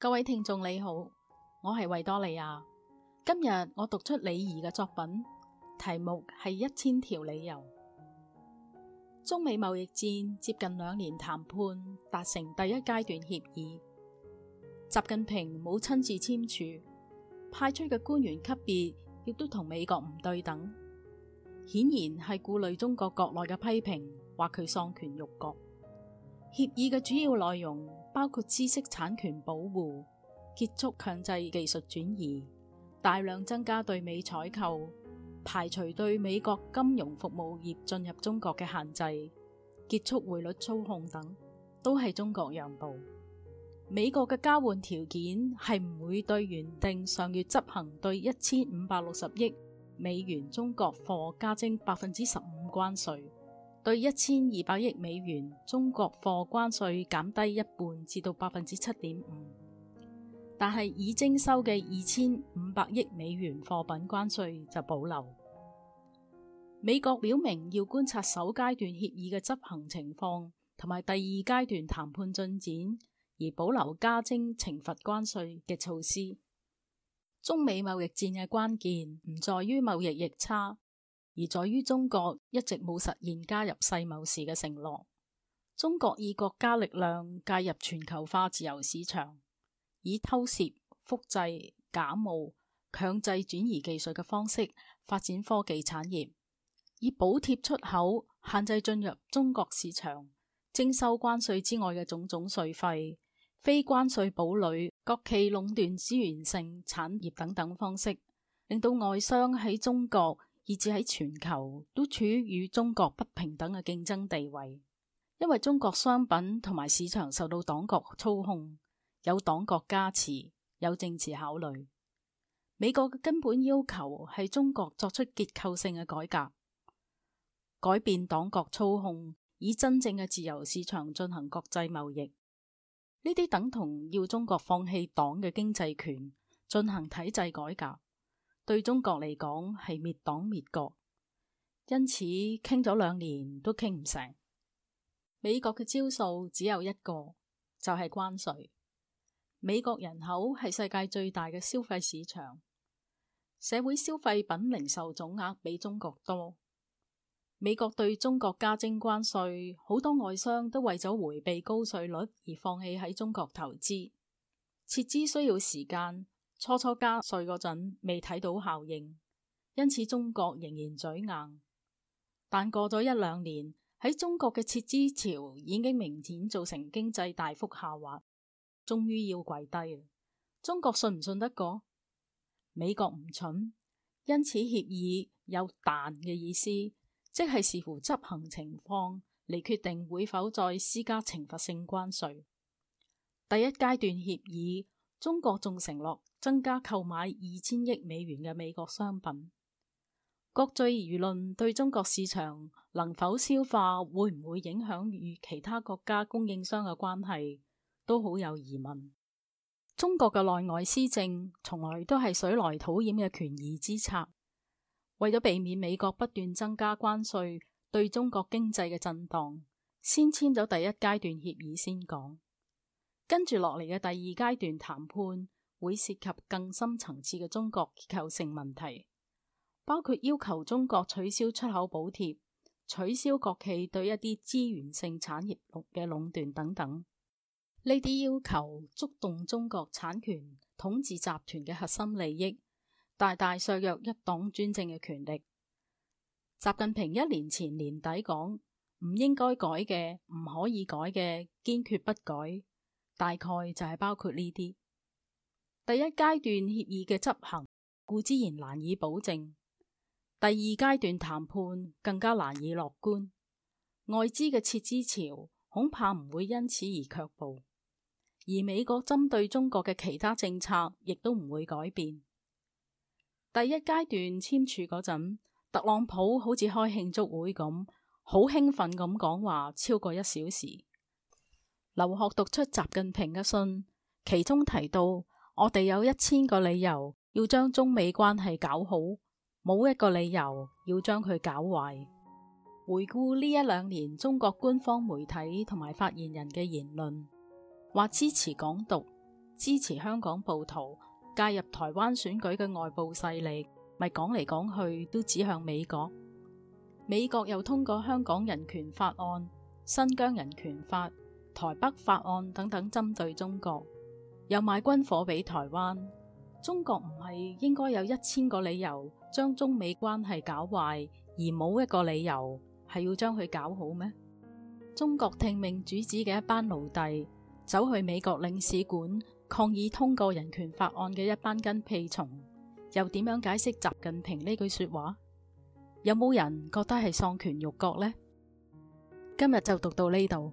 各位聽眾你好，我係維多利亞。今日我讀出李怡嘅作品，題目係《一千條理由》。中美貿易戰接近兩年談判，達成第一階段協議。習近平冇親自簽署，派出嘅官員級別亦都同美國唔對等，顯然係顧慮中國國內嘅批評，話佢喪權辱國。協議嘅主要內容包括知識產權保護、結束強制技術轉移、大量增加對美採購、排除對美國金融服務業進入中國嘅限制、結束匯率操控等，都係中國讓步。美國嘅交換條件係唔會對原定上月執行對一千五百六十億美元中國貨加徵百分之十五關稅。1> 對一千二百億美元中國貨關稅減低一半，至到百分之七點五，但係已徵收嘅二千五百億美元貨品關稅就保留。美國表明要觀察首階段協議嘅執行情況，同埋第二階段談判進展，而保留加徵懲罰關稅嘅措施。中美貿易戰嘅關鍵唔在於貿易逆差。而在於中國一直冇實現加入世貿時嘅承諾。中國以國家力量介入全球化自由市場，以偷竊、複製、假冒、強制轉移技術嘅方式發展科技產業，以補貼出口、限制進入中國市場、徵收關稅之外嘅種種稅費、非關稅堡壘、國企壟斷資源性產業等等方式，令到外商喺中國。以至喺全球都處於與中國不平等嘅競爭地位，因為中國商品同埋市場受到黨國操控，有黨國加持，有政治考慮。美國嘅根本要求係中國作出結構性嘅改革，改變黨國操控，以真正嘅自由市場進行國際貿易。呢啲等同要中國放棄黨嘅經濟權，進行體制改革。對中國嚟講係滅黨滅國，因此傾咗兩年都傾唔成。美國嘅招數只有一個，就係、是、關稅。美國人口係世界最大嘅消費市場，社會消費品零售總額比中國多。美國對中國加徵關稅，好多外商都為咗回避高稅率而放棄喺中國投資。撤資需要時間。初初加稅嗰陣未睇到效應，因此中國仍然嘴硬。但過咗一兩年，喺中國嘅撤資潮已經明顯造成經濟大幅下滑，終於要跪低。中國信唔信得過？美國唔蠢，因此協議有彈嘅意思，即係視乎執行情況嚟決定會否再施加懲罰性關稅。第一階段協議。中國仲承諾增加購買二千億美元嘅美國商品，國際輿論對中國市場能否消化，會唔會影響與其他國家供應商嘅關係，都好有疑問。中國嘅內外施政從來都係水來土掩嘅權宜之策，為咗避免美國不斷增加關稅對中國經濟嘅震盪，先簽咗第一階段協議先講。跟住落嚟嘅第二階段談判會涉及更深層次嘅中國結構性問題，包括要求中國取消出口補貼、取消國企對一啲資源性產業嘅壟斷等等。呢啲要求觸動中國產權統治集團嘅核心利益，大大削弱一黨專政嘅權力。習近平一年前年底講：唔應該改嘅，唔可以改嘅，堅決不改。大概就係包括呢啲，第一階段協議嘅執行固之然難以保證，第二階段談判更加難以樂觀。外資嘅撤資潮恐怕唔會因此而卻步，而美國針對中國嘅其他政策亦都唔會改變。第一階段簽署嗰陣，特朗普好似開慶祝會咁，好興奮咁講話超過一小時。劉鶴讀出習近平嘅信，其中提到我哋有一千個理由要將中美關係搞好，冇一個理由要將佢搞壞。回顧呢一兩年，中國官方媒體同埋發言人嘅言論，話支持港獨、支持香港暴徒介入台灣選舉嘅外部勢力，咪講嚟講去都指向美國。美國又通過香港人權法案、新疆人權法、台北法案等等，針對中國，又買軍火俾台灣，中國唔係應該有一千個理由將中美關係搞壞，而冇一個理由係要將佢搞好咩？中國聽命主子嘅一班奴隸走去美國領事館抗議通過人權法案嘅一班跟屁蟲，又點樣解釋習近平呢句說話？有冇人覺得係喪權辱國呢？今日就讀到呢度。